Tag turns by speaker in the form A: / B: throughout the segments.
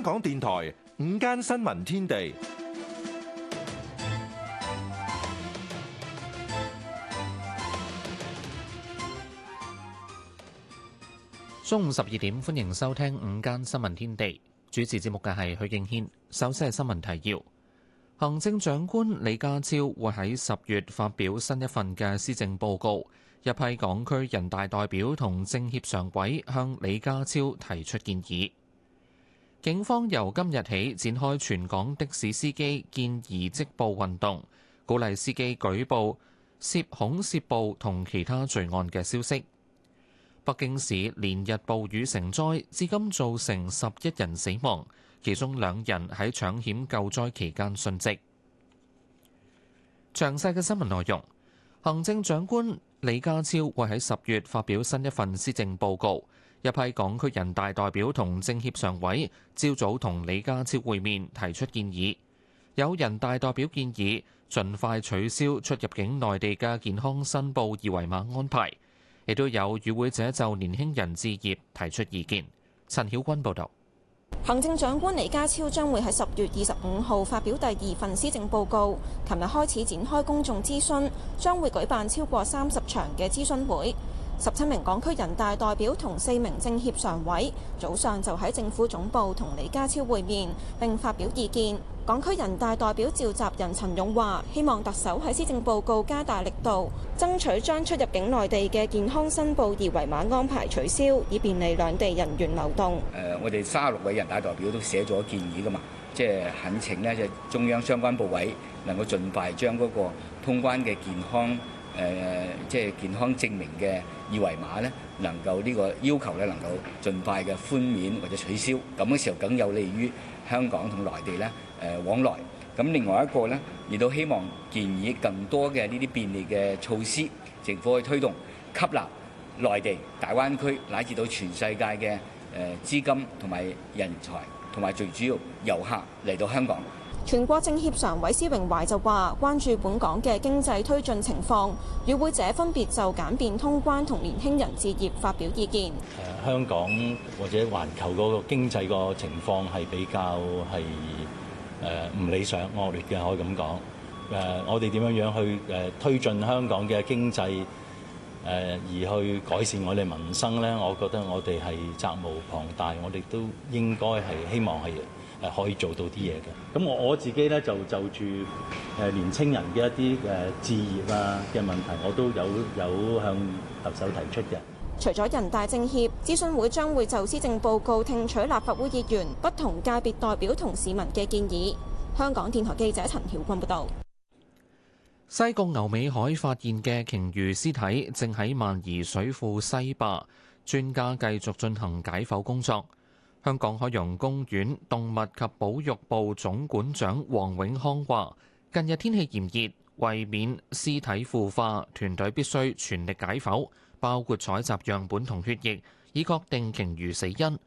A: 香港電台午間新聞天地，
B: 中午十二點，歡迎收聽午間新聞天地。主持節目嘅係許敬軒。首先係新聞提要：行政長官李家超會喺十月發表新一份嘅施政報告。一批港區人大代表同政協常委向李家超提出建議。警方由今日起展開全港的士司機見疑即報運動，鼓勵司機舉報涉恐涉暴同其他罪案嘅消息。北京市連日暴雨成災，至今造成十一人死亡，其中兩人喺搶險救災期間殉職。詳細嘅新聞內容，行政長官李家超會喺十月發表新一份施政報告。一批港區人大代表同政協常委朝早同李家超會面，提出建議。有人大代表建議盡快取消出入境內地嘅健康申報二維碼安排，亦都有與會者就年輕人置業提出意見。陳曉君報導。
C: 行政長官李家超將會喺十月二十五號發表第二份施政報告，琴日開始展開公眾諮詢，將會舉辦超過三十場嘅諮詢會。十七名港區人大代表同四名政協常委早上就喺政府總部同李家超會面，並發表意見。港區人大代表召集人陳勇話：希望特首喺施政報告加大力度，爭取將出入境內地嘅健康申報二維碼安排取消，以便利兩地
D: 人員流動。誒、呃，我哋三十六位人大代表都寫咗建議噶嘛，即係懇請呢就是、中央相關部委能夠盡快將嗰個通關嘅健康。誒、呃，即係健康證明嘅二維碼咧，能夠呢個要求咧，能夠盡快嘅寬免或者取消，咁嘅時候梗有利於香港同內地咧、誒、呃、往來。咁、嗯、另外一個咧，亦都希望建議更多嘅呢啲便利嘅措施，政府去推動，吸納內地、大灣區乃至到全世界嘅誒資金同埋人才，同埋最主要遊客嚟到香港。
C: 全國政協常委施榮懷就話：關注本港嘅經濟推進情況，與會者分別就簡便通關同年輕人置業發表意見。
B: 誒，香港或者環球嗰個經濟個情況係比較係誒唔理想、惡劣嘅，可以咁講。誒，我哋點樣樣去誒推進香港嘅
A: 經濟誒，而去改善我哋民生咧？我覺得我哋係責無旁貸，我哋都應該係希望係。誒可以做到啲嘢嘅。咁我我自
D: 己咧就就住誒年青人嘅一啲誒置業啊嘅問題，我都有有向特首提出嘅。
C: 除咗人大政協諮詢會，將會就施政報告聽取立法會議員、不同界別代表同市民嘅建議。香港電台記者陳曉君報道。
B: 西貢牛尾海發現嘅鯨魚屍體正喺萬宜水庫西壩，專家繼續進行解剖工作。香港海洋公園動物及保育部總管長黃永康話，近日天氣炎熱，為免屍體腐化，團隊必須全力解剖，包括採集樣本同血液，以確定鯨魚死因。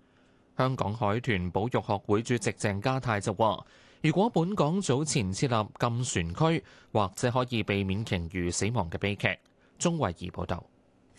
B: 香港海豚保育學會主席鄭家泰就話，如果本港早前設立禁船區，或者可以避免鯨魚死亡嘅悲劇。鍾慧儀報道。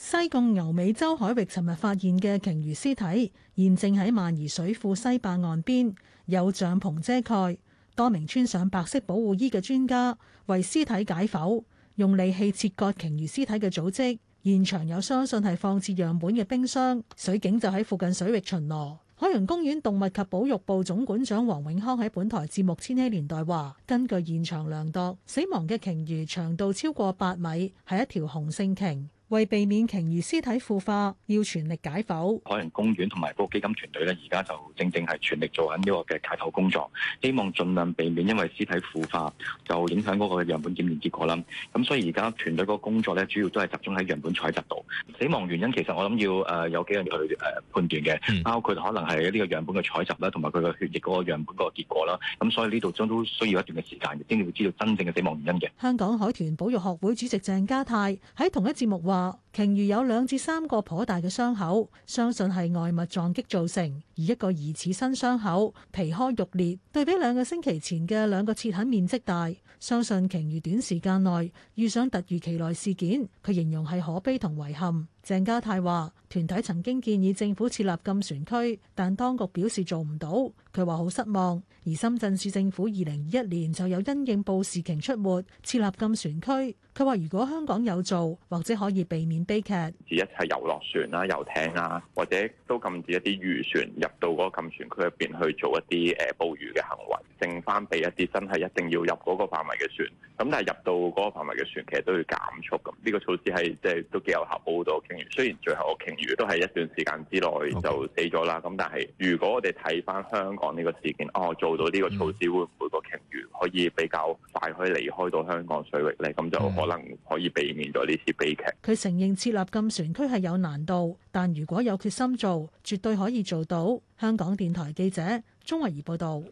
E: 西貢牛尾洲海域尋日發現嘅鯨魚屍體，現正喺萬宜水庫西壩岸邊，有帳篷遮蓋。多名穿上白色保護衣嘅專家為屍體解剖，用利器切割鯨魚屍體嘅組織。現場有相信係放置樣本嘅冰箱。水警就喺附近水域巡邏。海洋公園動物及保育部總館長黃永康喺本台節目《千禧年代》話，根據現場量度，死亡嘅鯨魚長度超過八米，係一條雄性鯨。為避免鯨魚屍體腐化，要全力解剖。
D: 海洋公園同埋嗰個基金團隊呢，而家就正正係全力做緊呢個嘅解剖工作，希望盡量避免因為屍體腐化就影響嗰個樣本檢驗結果啦。咁所以而家團隊嗰個工作呢，主要都係集中喺樣本採集度。死亡原因其實我諗要誒有幾個去誒判斷嘅，包括可能係呢個樣本嘅採集啦，同埋佢嘅血液嗰個樣本個結果啦。咁所以呢度將都需要一段嘅時間，先至會知道真正嘅死亡原因嘅。
E: 香港海豚保育學會主席鄭家泰喺同一節目話。鯨魚有兩至三個頗大嘅傷口，相信係外物撞擊造成；而一個疑似新傷口，皮開肉裂，對比兩個星期前嘅兩個切痕面積大，相信鯨魚短時間內遇上突如其來事件。佢形容係可悲同遺憾。鄭家泰話。團體曾經建議政府設立禁船區，但當局表示做唔到。佢話好失望。而深圳市政府二零二一年就有因應布氏鯨出沒設立禁船區。佢話如果香港有做，或者可以避免悲劇。
B: 只一係遊樂船啦、遊艇啦，或者都禁止一啲漁船入到嗰禁船區入邊去做一啲誒捕魚嘅行為，剩翻俾一啲
D: 真係一定要入嗰個範圍嘅船。咁但係入到嗰個範圍嘅船其實都要減速咁。呢個措施係即係都幾有效。好多經驗。雖然最後我傾都係一段時間之內就死咗啦。咁 Okay. 但係，如果我哋睇翻香港呢個事件，哦，做到呢個措施，會唔會個鯨魚可以比較快可以離開到香港水域呢？咁就可能可以避免咗呢次
E: 悲劇。佢承認設立禁船區係有難度，但如果有決心做，絕對可以做到。香港電台記者鍾維儀報道。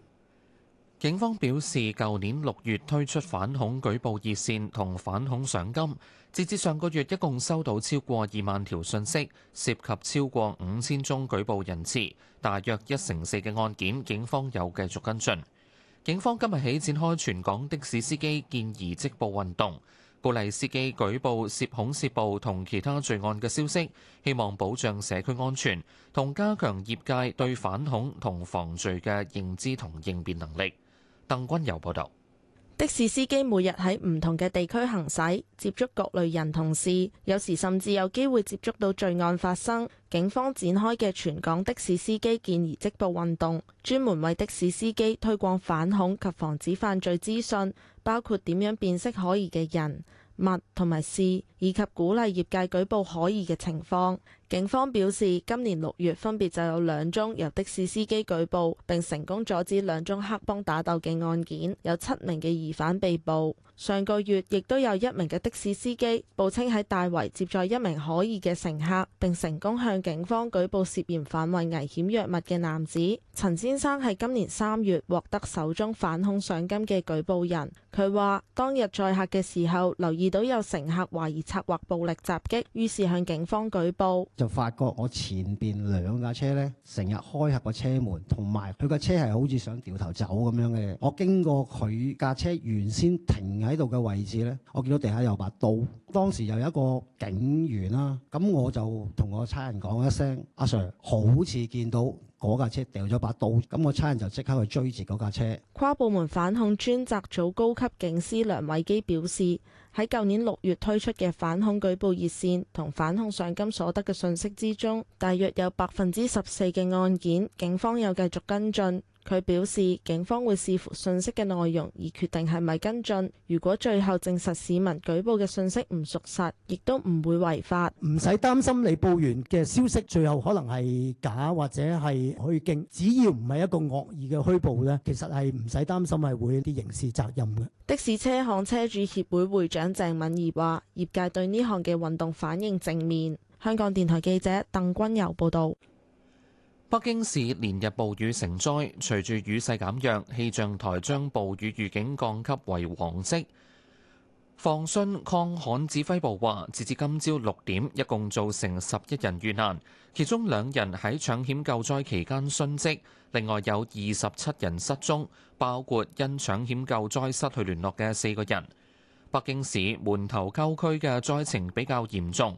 B: 警方表示，舊年六月推出反恐舉報熱線同反恐賞金。截至上個月，一共收到超過二萬條信息，涉及超過五千宗舉報人次，大約一成四嘅案件，警方有繼續跟進。警方今日起展開全港的士司機見疑即報運動，鼓勵司機舉報涉恐涉暴同其他罪案嘅消息，希望保障社區安全同加強業界對反恐同防罪嘅認知同應變能力。鄧君友報導。
F: 的士司機每日喺唔同嘅地區行駛，接觸各類人同事，有時甚至有機會接觸到罪案發生。警方展開嘅全港的士司機見疑即報運動，專門為的士司機推廣反恐及防止犯罪資訊，包括點樣辨識可疑嘅人、物同埋事，以及鼓勵業界舉報可疑嘅情況。警方表示，今年六月分別就有兩宗由的士司機舉報，並成功阻止兩宗黑幫打鬥嘅案件，有七名嘅疑犯被捕。上個月亦都有一名嘅的、的士司機報稱喺大圍接載一名可疑嘅乘客，並成功向警方舉報涉嫌販運危險藥物嘅男子。陳先生係今年三月獲得首宗反恐賞金嘅舉報人，佢話當日載客嘅時候留意到有乘客懷疑策劃暴力襲擊，於是向警方舉報。
G: 就發覺我前邊兩架車咧，成日開合個車門，同埋佢架車係好似想掉頭走咁樣嘅。我經過佢架車原先停喺度嘅位置咧，我見到地下有把刀。當時又有一個警員啦，咁我就同個差人講一聲，阿、啊、Sir，好似見到。嗰架車掉咗把刀，咁我差人就即刻去追住嗰架車。
F: 跨部門反恐專責組高級警司梁偉基表示，喺舊年六月推出嘅反恐舉報熱線同反恐上金所得嘅訊息之中，大約有百分之十四嘅案件，警方有繼續跟進。佢表示，警方會視乎信息嘅內容而決定係咪跟進，如果最後證實市民舉報嘅信息唔屬實，亦都唔會違法。
A: 唔使擔心，你報完嘅消息最後可能係假或者係虛驚，只要唔係一個惡意嘅虛報咧，其實，係唔使擔心係會有啲刑事責任嘅。
F: 的士車行車主協會會、會長鄭敏儀話業界對呢項嘅運動反應正面。香港電台記者鄧君柔報道。
B: 北京市連日暴雨成災，隨住雨勢減弱，氣象台將暴雨預警降級為黃色。防汛抗旱指揮部話，截至今朝六點，一共造成十一人遇難，其中兩人喺搶險救災期間殉職，另外有二十七人失蹤，包括因搶險救災失去聯絡嘅四個人。北京市門頭溝區嘅災情比較嚴重。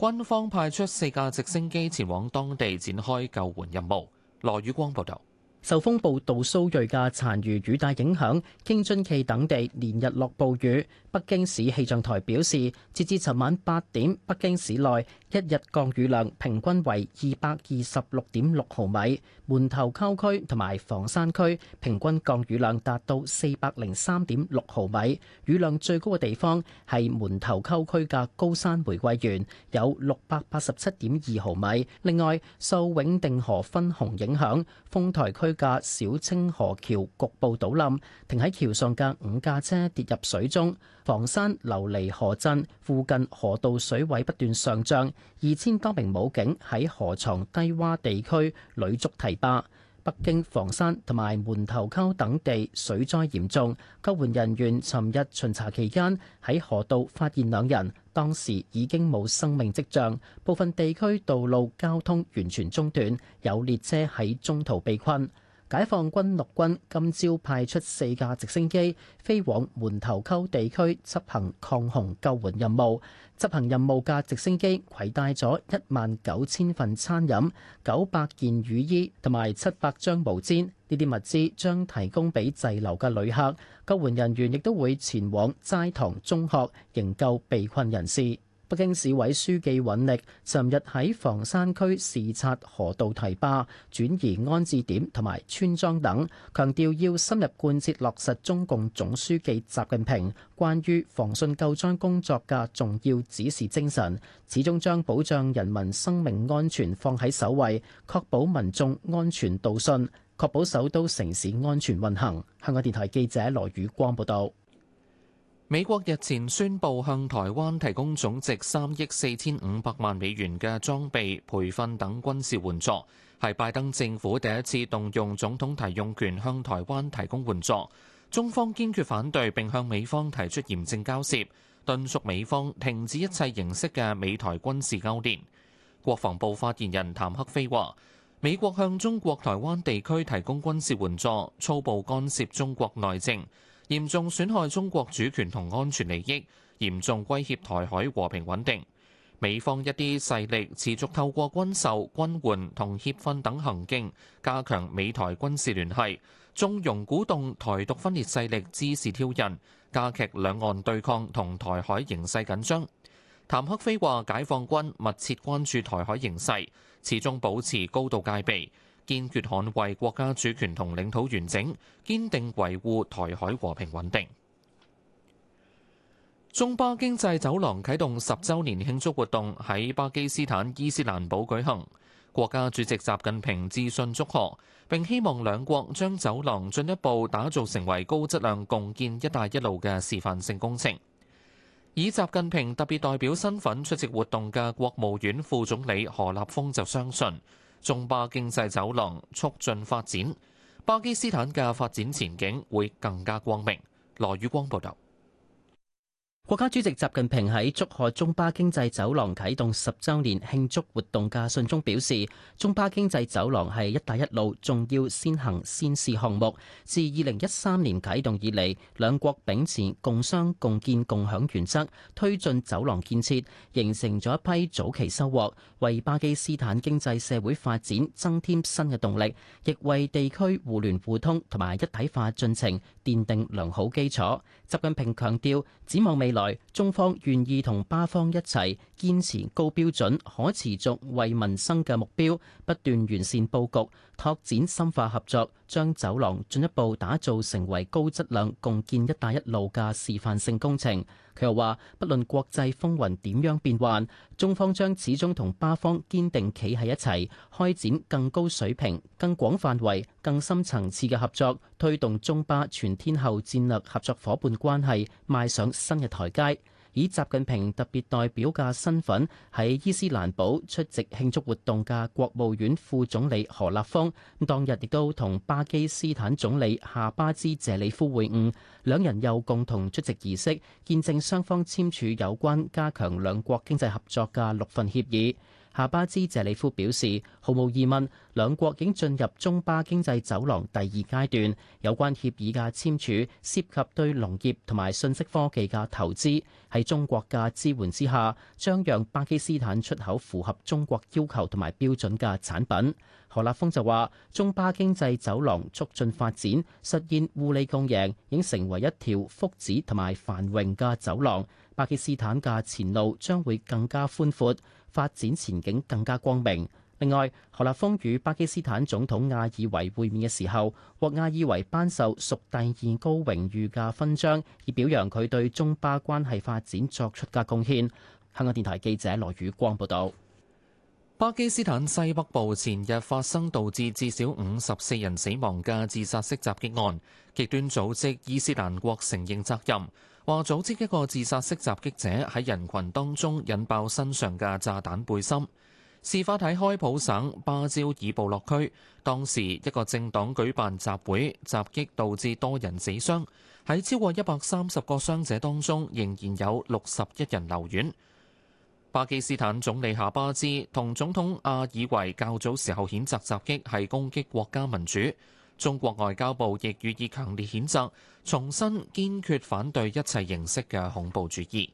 B: 軍方派出四架直升機前往當地展開救援任務，羅
H: 宇光報道。受風暴杜蘇瑞嘅殘餘雨帶影響，京津冀等地連日落暴雨。北京市氣象台表示，截至尋晚八點，北京市內一日降雨量平均為二百二十六點六毫米，門頭溝區同埋房山區平均降雨量達到四百零三點六毫米，雨量最高嘅地方係門頭溝區嘅高山玫瑰園，有六百八十七點二毫米。另外，受永定河分洪影響，豐台區。架小清河橋局部倒冧，停喺橋上嘅五架車跌入水中。房山琉璃河鎮附近河道水位不斷上漲，二千多名武警喺河床低窪地區壘築堤壩。北京房山同埋門頭溝等地水災嚴重，救援人員尋日巡查期間喺河道發現兩人，當時已經冇生命跡象，部分地區道路交通完全中斷，有列車喺中途被困。解放軍陸軍今朝派出四架直升機飛往門頭溝地區執行抗洪救援任務。執行任務架直升機攜帶咗一萬九千份餐飲、九百件雨衣同埋七百張毛毯。呢啲物資將提供俾滯留嘅旅客。救援人員亦都會前往齋堂中學營救被困人士。北京市委書記尹力尋日喺房山區視察河道堤壩、轉移安置點同埋村莊等，強調要深入貫徹落實中共總書記習近平關於防汛救災工作嘅重要指示精神，始終將保障人民生命安全放喺首位，確保民眾安全度汛。確保首都城市安全運行。香港電台記者羅宇光報道，
B: 美國日前宣布向台灣提供總值三億四千五百萬美元嘅裝備、培訓等軍事援助，係拜登政府第一次動用總統提用權向台灣提供援助。中方堅決反對並向美方提出嚴正交涉，敦促美方停止一切形式嘅美台軍事勾連。國防部發言人譚克非話。美國向中國台灣地區提供軍事援助，粗暴干涉中國內政，嚴重損害中國主權同安全利益，嚴重威脅台海和平穩定。美方一啲勢力持續透過軍售、軍援同協訓等行徑，加強美台軍事聯繫，縱容鼓動台獨分裂勢力滋事挑釁，加劇兩岸對抗同台海形勢緊張。譚克非話：解放軍密切關注台海形勢，始終保持高度戒備，堅決捍衛國家主權同領土完整，堅定維護台海和平穩定。中巴經濟走廊啟動十周年慶祝活動喺巴基斯坦伊斯蘭堡舉行，國家主席習近平致信祝賀，並希望兩國將走廊進一步打造成為高質量共建“一帶一路”嘅示範性工程。以習近平特別代表身份出席活動嘅國務院副總理何立峰就相信，中巴經濟走廊，促進發展，巴基斯坦嘅發展前景會更加光
H: 明。羅宇光報道。國家主席習近平喺祝賀中巴經濟走廊啟動十週年慶祝活動嘅信中表示，中巴經濟走廊係「一帶一路」重要先行先試項目。自二零一三年啟動以嚟，兩國秉持共商共建共享原則，推進走廊建設，形成咗一批早期收穫，為巴基斯坦經濟社會發展增添新嘅動力，亦為地區互聯互通同埋一體化進程奠定良好基礎。習近平強調，展望未來，中方願意同巴方一齊堅持高標準、可持續為民生嘅目標，不斷完善佈局，拓展深化合作，將走廊進一步打造成為高質量共建「一帶一路」嘅示範性工程。佢又話，不論國際風雲點樣變幻，中方將始終同巴方堅定企喺一齊，開展更高水平、更廣範圍、更深層次嘅合作，推動中巴全天候戰略合作伙伴關係邁上新嘅台階。以習近平特別代表嘅身份喺伊斯蘭堡出席慶祝活動嘅國務院副總理何立峰，當日亦都同巴基斯坦總理夏巴茲謝里夫會晤，兩人又共同出席儀式，見證雙方簽署有關加強兩國經濟合作嘅六份協議。夏巴茲謝里夫表示，毫無疑問兩國已經進入中巴經濟走廊第二階段。有關協議嘅簽署涉及對農業同埋信息科技嘅投資，喺中國嘅支援之下，將讓巴基斯坦出口符合中國要求同埋標準嘅產品。何立峰就話中巴經濟走廊促進發展，實現互利共贏，已經成為一條福祉同埋繁榮嘅走廊。巴基斯坦嘅前路將會更加寬闊。發展前景更加光明。另外，何立峰與巴基斯坦總統阿爾維會面嘅時候，獲阿爾維頒授屬第二高榮譽嘅勳章，以表揚佢對中巴關係發展作出嘅貢獻。香港電台記者羅宇光報道，巴基斯坦西北部前日發生導
B: 致至少五十四人死亡嘅自殺式襲擊案，極端組織伊斯蘭國承認責任。話組織一個自殺式襲擊者喺人群當中引爆身上嘅炸彈背心。事發喺開普省巴焦爾部落區，當時一個政黨舉辦集會，襲擊導致多人死傷。喺超過一百三十個傷者當中，仍然有六十一人留院。巴基斯坦總理夏巴茲同總統阿爾維較早時候譴責襲擊係攻擊國家民主。中國外交部亦予以強烈譴責，重申堅決反對一切形式嘅恐怖主義。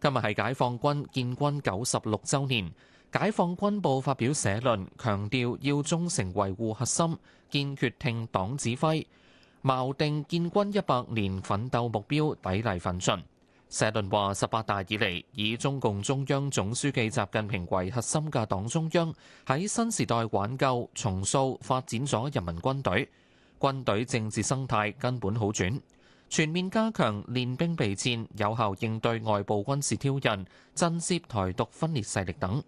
B: 今日係解放軍建軍九十六週年，解放軍部發表社論，強調要忠誠維護核心，堅決聽黨指揮，錨定建軍一百年奮鬥目標，砥礪奮進。社論話，十八大以嚟，以中共中央總書記習近平為核心嘅黨中央喺新時代挽救、重塑、發展咗人民軍隊，軍隊政治生態根本好轉，全面加強練兵備戰，有效應對外部軍事挑釁、震懾台獨分裂勢力等。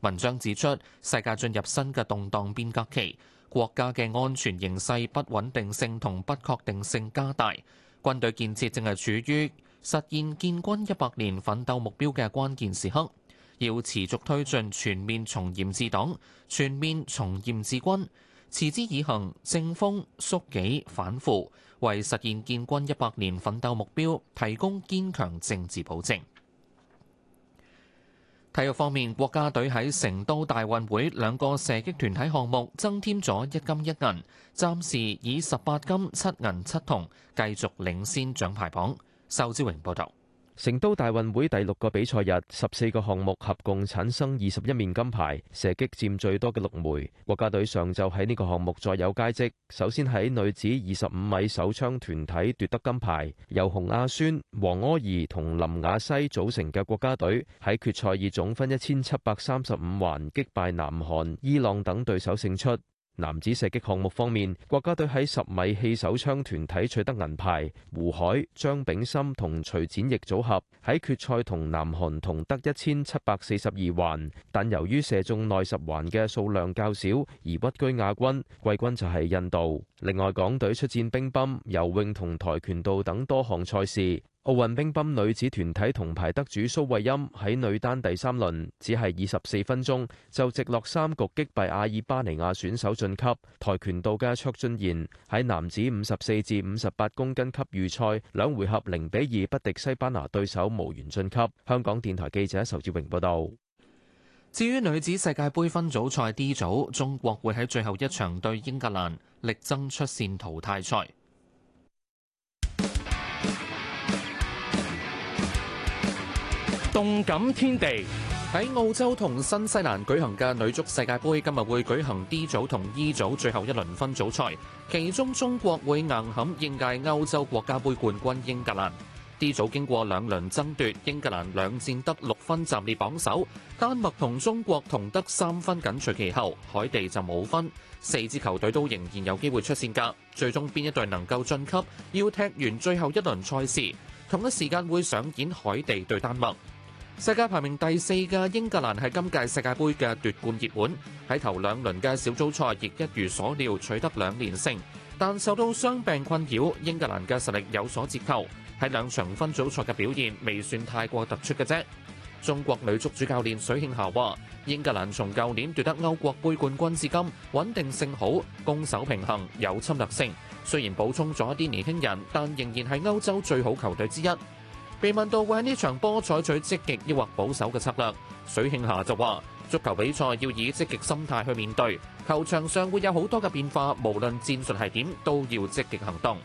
B: 文章指出，世界進入新嘅動蕩變革期，國家嘅安全形勢不穩定性同不確定性加大，軍隊建設正係處於。實現建軍一百年奮鬥目標嘅關鍵時刻，要持續推進全面從嚴治黨、全面從嚴治軍，持之以恆，正風肅紀反腐，為實現建軍一百年奮鬥目標提供堅強政治保證。體育方面，國家隊喺成都大運會兩個射擊團體項目增添咗一金一銀，暫時以十八金七銀七銅繼續領先獎牌榜。仇志榮報道：
A: 成都大運會第六個比賽日，十四個項目合共產生二十一面金牌，射擊佔最多嘅六枚。國家隊上晝喺呢個項目再有佳績，首先喺女子二十五米手槍團體奪得金牌，由洪亞宣、黃柯怡同林雅西組成嘅國家隊喺決賽以總分一千七百三十五環擊敗南韓、伊朗等對手勝出。男子射擊項目方面，國家隊喺十米氣手槍團體取得銀牌，胡海、張炳森同徐展翼組合喺決賽同南韓同得一千七百四十二環，但由於射中內十環嘅數量較少，而屈居亞軍。季軍就係印度。另外，港隊出戰乒乓、游泳同跆拳道等多項賽事。奧運乒乓女子團體銅牌得主蘇慧音喺女單第三輪只係二十四分鐘就直落三局擊敗阿爾巴尼亞選手晉級。跆拳道嘅卓俊賢喺男子五十四至五十八公斤級預賽，兩回合零比二不敵西班牙對手無緣晉級。香港電
B: 台記者仇志榮報道。至於女子世界杯分組賽 D 組，中國會喺最後一場對英格蘭力爭出線淘汰賽。動感天地。喺澳洲同新西蘭舉行嘅女足世界杯今日會舉行 D 組同 E 組最後一輪分組賽，其中中國會硬撼應屆歐洲國家盃冠軍英格蘭。D 組經過兩輪爭奪，英格蘭兩戰得六分暫列榜首，丹麥同中國同得三分緊隨其後，海地就冇分。四支球隊都仍然有機會出線㗎，最終邊一隊能夠晉級，要踢完最後一輪賽事。同一時間會上演海地對丹麥。世界排名第四嘅英格蘭係，今屆世界杯嘅奪冠熱門，喺頭兩輪嘅小組賽亦一如所料取得兩連勝，但受到傷病困擾，英格蘭嘅實力有所折扣，喺兩場分組賽嘅表現未算太過突出嘅啫。中國女足主教練水慶霞話，英格蘭從舊年奪得歐國杯冠軍至今，穩定性好，攻守平衡，有侵略性，雖然補充咗一啲年輕人，但仍然係歐洲最好球隊之一。被問到會喺呢場波採取積極抑或保守嘅策略，水慶霞就話：足球比賽要以積極心態去面對，球場上會有好多嘅變化，無論戰術係點，都要積極行動。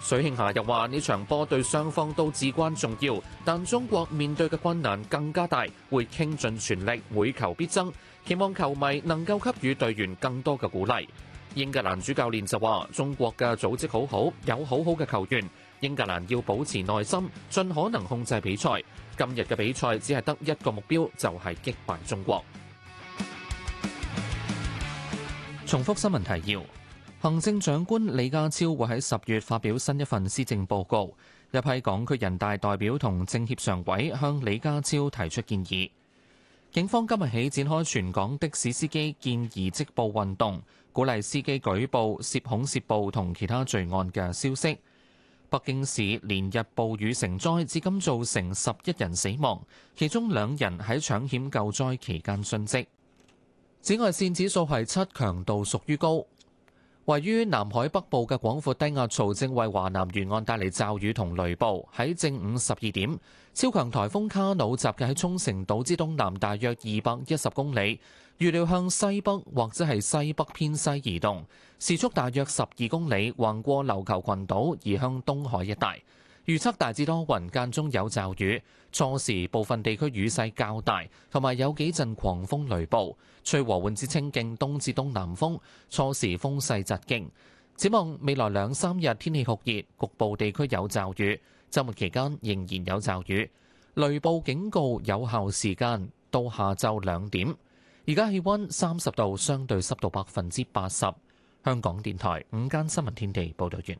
B: 水慶霞又話：呢場波對雙方都至關重要，但中國面對嘅困難更加大，會傾盡全力，每球必爭，期望球迷能夠給予隊員更多嘅鼓勵。英格蘭主教練就話：中國嘅組織好好，有好好嘅球員。英格蘭要保持耐心，盡可能控制比賽。今日嘅比賽只係得一個目標，就係、是、擊敗中國。重複新聞提要：行政長官李家超會喺十月發表新一份施政報告。一批港區人大代表同政協常委向李家超提出建議。警方今日起展開全港的士司機建議積報運動，鼓勵司機舉報涉恐、涉暴同其他罪案嘅消息。北京市連日暴雨成災，至今造成十一人死亡，其中兩人喺搶險救災期間殉職。紫外線指數係七，強度屬於高。位於南海北部嘅廣闊低壓槽正為華南沿岸帶嚟驟雨同雷暴。喺正午十二點，超強台風卡努集結喺沖繩島之東南，大約二百一十公里。預料向西北或者係西北偏西移動，時速大約十二公里，橫過琉球群島移向東海一帶。預測大致多雲間中有驟雨，初時部分地區雨勢較大，同埋有，有幾陣狂風雷暴。吹和緩至清勁東至東南風，初時風勢疾勁。展望未來兩三日天氣酷熱，局部地區有驟雨，周末期間仍然有驟雨。雷暴警告有效時間到下晝兩點。而家氣溫三十度，相對濕度百分之八十。香港電台午間新聞天地報道，完，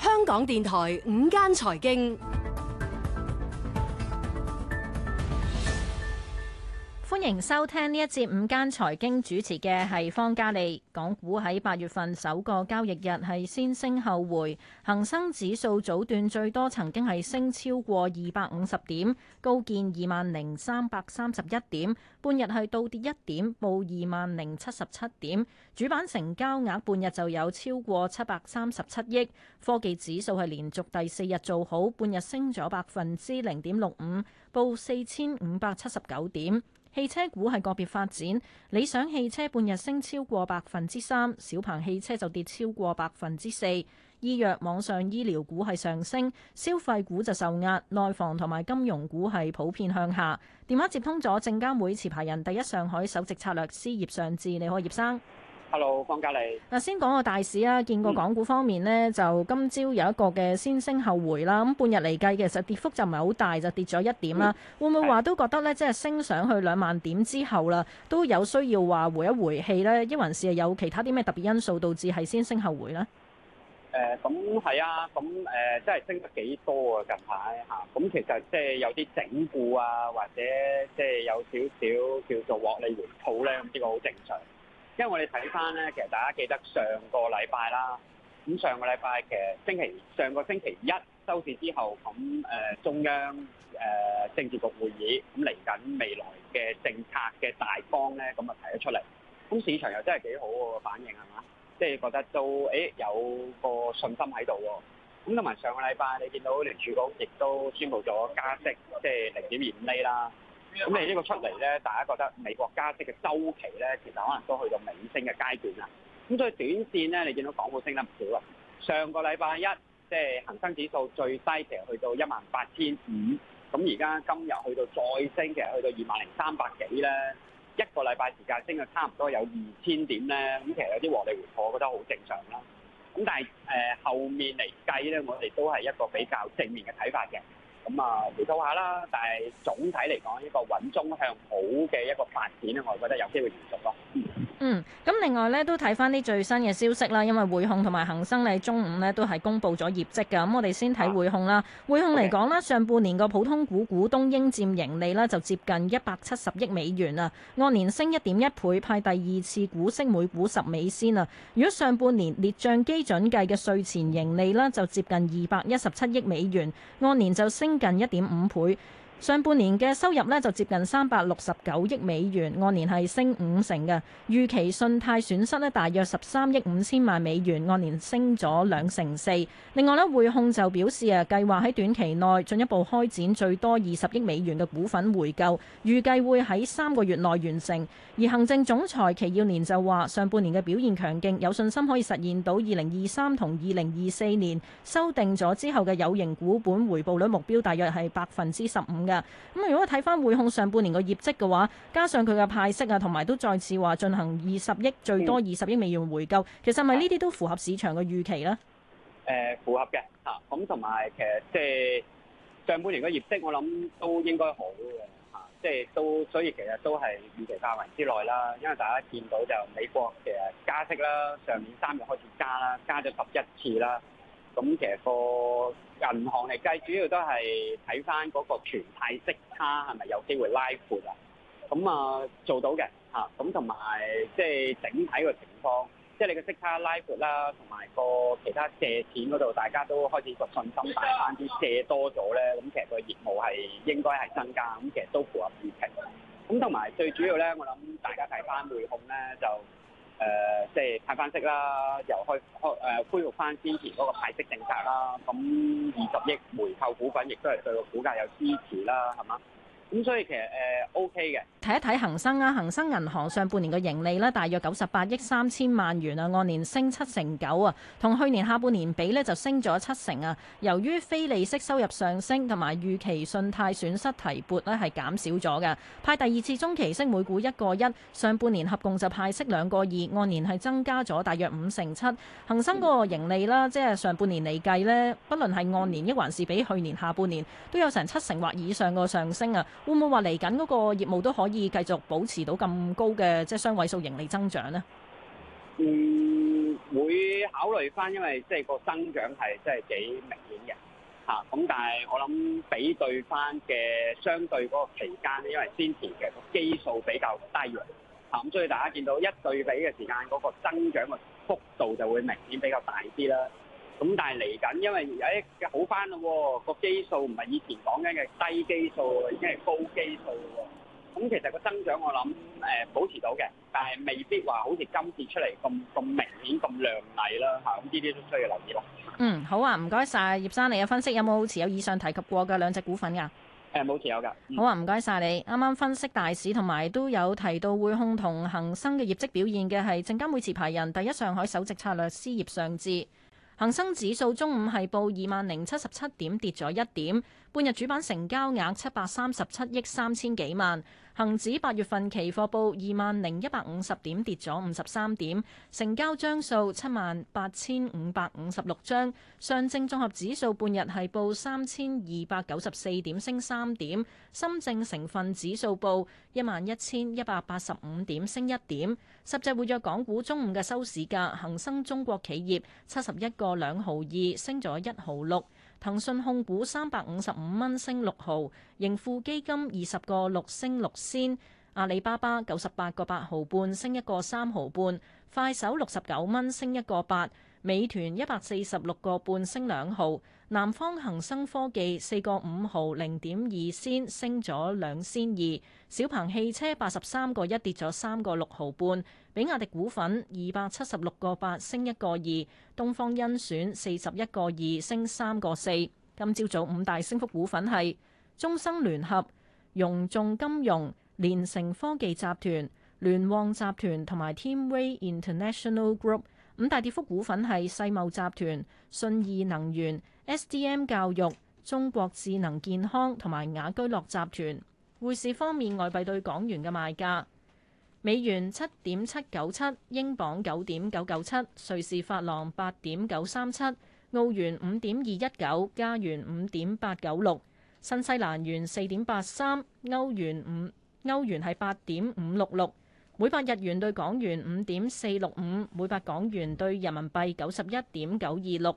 E: 香港電台午間財經。
I: 歡迎收聽呢一節午間財經主持嘅係方嘉利。港股喺八月份首個交易日係先升後回，恒生指數早段最多曾經係升超過二百五十點，高見二萬零三百三十一點。半日係倒跌一點，報二萬零七十七點。主板成交額半日就有超過七百三十七億。科技指數係連續第四日做好，半日升咗百分之零點六五，報四千五百七十九點。汽車股係個別發展，理想汽車半日升超過百分之三，小鵬汽車就跌超過百分之四。醫藥網上醫療股係上升，消費股就受壓，內房同埋金融股係普遍向下。電話接通咗證監會持牌人第一上海首席策略師葉尚志，你好，葉生。Hello，方嘉利嗱，先講個大市啊。見過港股方面咧，嗯、就今朝有一個嘅先升後回啦。咁半日嚟計，其實跌幅就唔係好大，就跌咗一點啦。的會唔會話都覺得咧，即係升上去兩萬點之後啦，都有需要話回一回氣咧？抑還是有其他啲咩特別因素導致係先升後回咧？
D: 誒、嗯，咁係啊，咁誒，即、嗯、係、嗯嗯嗯嗯嗯、升得幾多啊？近排嚇，咁、嗯、其實即係有啲整固啊，或者即係有少少叫做獲利回吐咧，咁呢個好正常。因為我哋睇翻咧，其實大家記得上個禮拜啦，咁上個禮拜其實星期上個星期一收市之後，咁誒、呃、中央誒、呃、政治局會議咁嚟緊未來嘅政策嘅大綱咧，咁啊提咗出嚟，咁市場又真係幾好嘅反應係嘛？即係、就是、覺得都誒、哎、有個信心喺度喎。咁同埋上個禮拜你見到聯儲局亦都宣布咗加息，即係零點二五厘啦。咁你呢個出嚟咧，大家覺得美國加息嘅周期咧，其實可能都去到尾聲嘅階段啦。咁所以短線咧，你見到港股升得唔少啦。上個禮拜一，即係恆生指數最低，其實去到一萬八千五。咁而家今日去到再升，其實去到二萬零三百幾咧。一個禮拜時間升咗差唔多有二千點咧。咁其實有啲獲利回吐，我覺得好正常啦。咁但係誒、呃、後面嚟計咧，我哋都係一個比較正面嘅睇法嘅。咁啊，回顧、嗯、下啦，但係總體嚟講，呢、呢個穩中向好嘅一個發展咧，我覺得有機會延續咯。嗯。
I: 嗯，咁另外咧都睇翻啲最新嘅消息啦，因為匯控同埋恒生喺中午呢都係公布咗業績㗎，咁我哋先睇匯控啦。匯、啊、控嚟講啦，okay. 上半年個普通股股東應佔盈利呢就接近一百七十億美元啊，按年升一點一倍，派第二次股息每股十美仙啊。如果上半年列賬基準計嘅稅前盈利呢就接近二百一十七億美元，按年就升近一點五倍。上半年嘅收入呢，就接近三百六十九億美元，按年係升五成嘅。預期信貸損失呢，大約十三億五千萬美元，按年升咗兩成四。另外呢，匯控就表示啊，計劃喺短期內進一步開展最多二十億美元嘅股份回購，預計會喺三個月內完成。而行政總裁祁耀年就話上半年嘅表現強勁，有信心可以實現到二零二三同二零二四年修訂咗之後嘅有形股本回報率目標大約係百分之十五。咁如果睇翻匯控上半年個業績嘅話，加上佢嘅派息啊，同埋都再次話進行二十億最多二十億美元回購，其實係咪呢啲都符合市場嘅預期
E: 咧？
D: 誒、嗯，符合嘅嚇，咁同埋其實即係上半年嘅業績，我諗都應該好嘅嚇，即係都所以其實都係預期範圍之內啦。因為大家見到就美國其實加息啦，上年三月開始加啦，加咗十一次啦。咁其實個銀行嚟計，主要都係睇翻嗰個全體息差係咪有機會拉闊啊？咁啊做到嘅嚇，咁同埋即係整體個情況，即係你個息差拉闊啦，同埋個其他借錢嗰度，大家都開始個信心大翻啲，借多咗咧，咁其實個業務係應該係增加，咁其實都符合預期。咁同埋最主要咧，我諗大家睇翻匯控咧就。誒，即係派翻息啦，又開開誒恢復翻之前嗰個派息政策啦，咁二十億回購股份亦都係對個股價有支持啦，係嘛？咁所以其實誒 OK
I: 嘅，睇一睇恒生啊，恒生銀行上半年嘅盈利呢大約九十八億三千萬元啊，按年升七成九啊，同去年下半年比呢就升咗七成啊。由於非利息收入上升同埋預期信貸損失提撥呢係減少咗㗎，派第二次中期息每股一個一，上半年合共就派息兩個二，按年係增加咗大約五成七。恒生嗰個盈利啦，即係上半年嚟計呢，不論係按年抑還是比去年下半年都有成七成或以上個上升啊。會唔會話嚟緊嗰個業務都可以繼續保持到咁高嘅即係雙位數盈利增長咧？
D: 嗯，會考慮翻，因為即係個增長係即係幾明顯嘅嚇。咁、啊、但係我諗比對翻嘅相對嗰個期間咧，因為先前嘅個基數比較低，嚇、啊、咁所以大家見到一對比嘅時間嗰個增長嘅幅度就會明顯比較大啲啦。咁但係嚟緊，因為有一、哎、好返咯喎，個基數唔係以前講緊嘅低基數，已經係高基數喎。咁、嗯、其實個增長我諗誒、呃、保持到嘅，但係未必話好似今次出嚟咁咁明顯咁亮麗啦。嚇咁呢啲都需要留意啦。
I: 嗯，好啊，唔該晒。葉生，你嘅分析有冇持有以上提及過嘅兩隻股份㗎？誒
D: 冇、嗯、持有㗎。嗯、好啊，唔
I: 該晒。你，啱啱分析大市，同埋都有提到匯控同恒生嘅業績表現嘅係證監會持牌人第一上海首席策略師葉尚志。恒生指數中午係報二萬零七十七點，跌咗一點。半日主板成交額七百三十七億三千幾萬。恒指八月份期貨報二萬零一百五十點跌咗五十三點，成交張數七萬八千五百五十六張，上證綜合指數半日係報三千二百九十四點升三點，深證成分指數報一萬一千一百八十五點升一點，十隻活躍港股中午嘅收市價恒生中國企業七十一個兩毫二，升咗一毫六。騰訊控股三百五十五蚊升六毫，盈富基金二十個六升六仙，阿里巴巴九十八個八毫半升一個三毫半，快手六十九蚊升一個八，美團一百四十六個半升兩毫。南方恒生科技四個五毫零點二仙升咗兩仙二，小鵬汽車八十三個一跌咗三個六毫半，比亞迪股份二百七十六個八升一個二，東方甄選四十一個二升三個四。今朝早，早五大升幅股份係中生聯合、融眾金融、聯成科技集團、聯旺集團同埋 Teamway International Group。五大跌幅股份係世貿集團、信義能源。SDM 教育、中國智能健康同埋雅居樂集團。匯市方面，外幣對港元嘅賣價：美元七點七九七，英鎊九點九九七，瑞士法郎八點九三七，澳元五點二一九，加元五點八九六，新西蘭元四點八三，歐元五，歐元係八點五六六。每百日元對港元五點四六五，每百港元對人民幣九十一點九二六。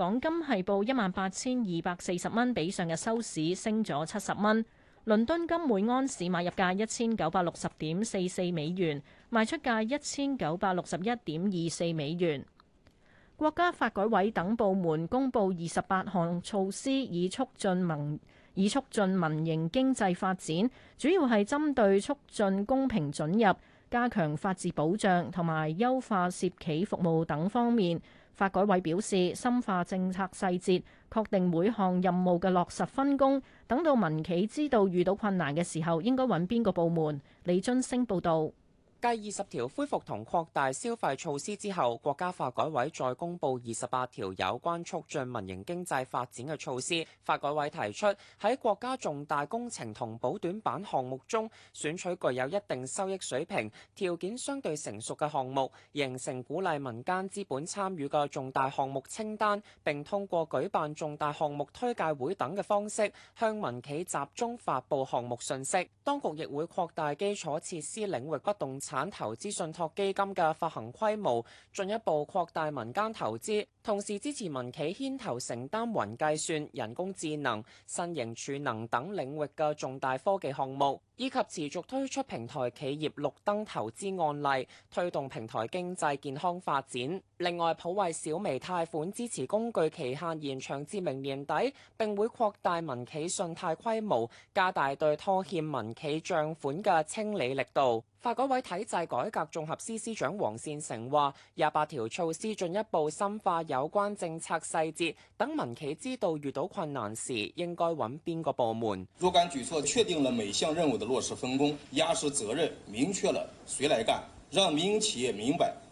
I: 港金係報一萬八千二百四十蚊，比上日收市升咗七十蚊。倫敦金每安士買入價一千九百六十點四四美元，賣出價一千九百六十一點二四美元。國家發改委等部門公布二十八項措施以，以促進民以促進民營經濟發展，主要係針對促進公平准入、加強法治保障同埋優化涉企服務等方面。法改委表示，深化政策細節，確定每項任務嘅落實分工，等到民企知道遇到困難嘅時候，應該揾邊個部門，李津升報道。
G: 繼二十條恢復同擴大消費措施之後，國家發改委再公布二十八條有關促進民營經濟發展嘅措施。發改委提出喺國家重大工程同補短板項目中，選取具有一定收益水平、條件相對成熟嘅項目，形成鼓勵民間資本參與嘅重大項目清單。並通過舉辦重大項目推介會等嘅方式，向民企集中發布項目信息。當局亦會擴大基礎設施領域不動產投資信託基金嘅發行規模進一步擴大民間投資，同時支持民企牽頭承擔雲計算、人工智能、新型儲能等領域嘅重大科技項目，以及持續推出平台企業綠燈投資案例，推動平台經濟健康發展。另外，普惠小微貸款支持工具期限延長至明年底，並會擴大民企信貸規模，加大對拖欠民企賬款嘅清理力度。發改委體制改革綜合司司長王善成話，廿八條措施進一步深化有關政策細節，等民企知道遇到困難時應該揾邊個部門。
A: 若干舉措確定了每項任務的落實分工、壓實責任，明確了誰來幹，讓民營企業明白。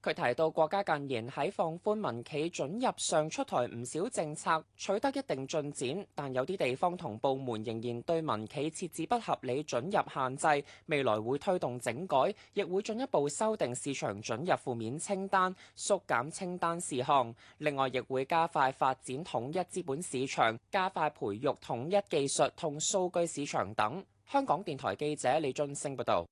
G: 佢提到，國家近年喺放寬民企准入上出台唔少政策，取得一定進展，但有啲地方同部門仍然對民企設置不合理准入限制，未來會推動整改，亦會進一步修訂市場准入負面清單，縮減清單事項，另外，亦會加快發展統一資本市場，加快培育統一技術同數據市場等。香港電台記者李俊升報道。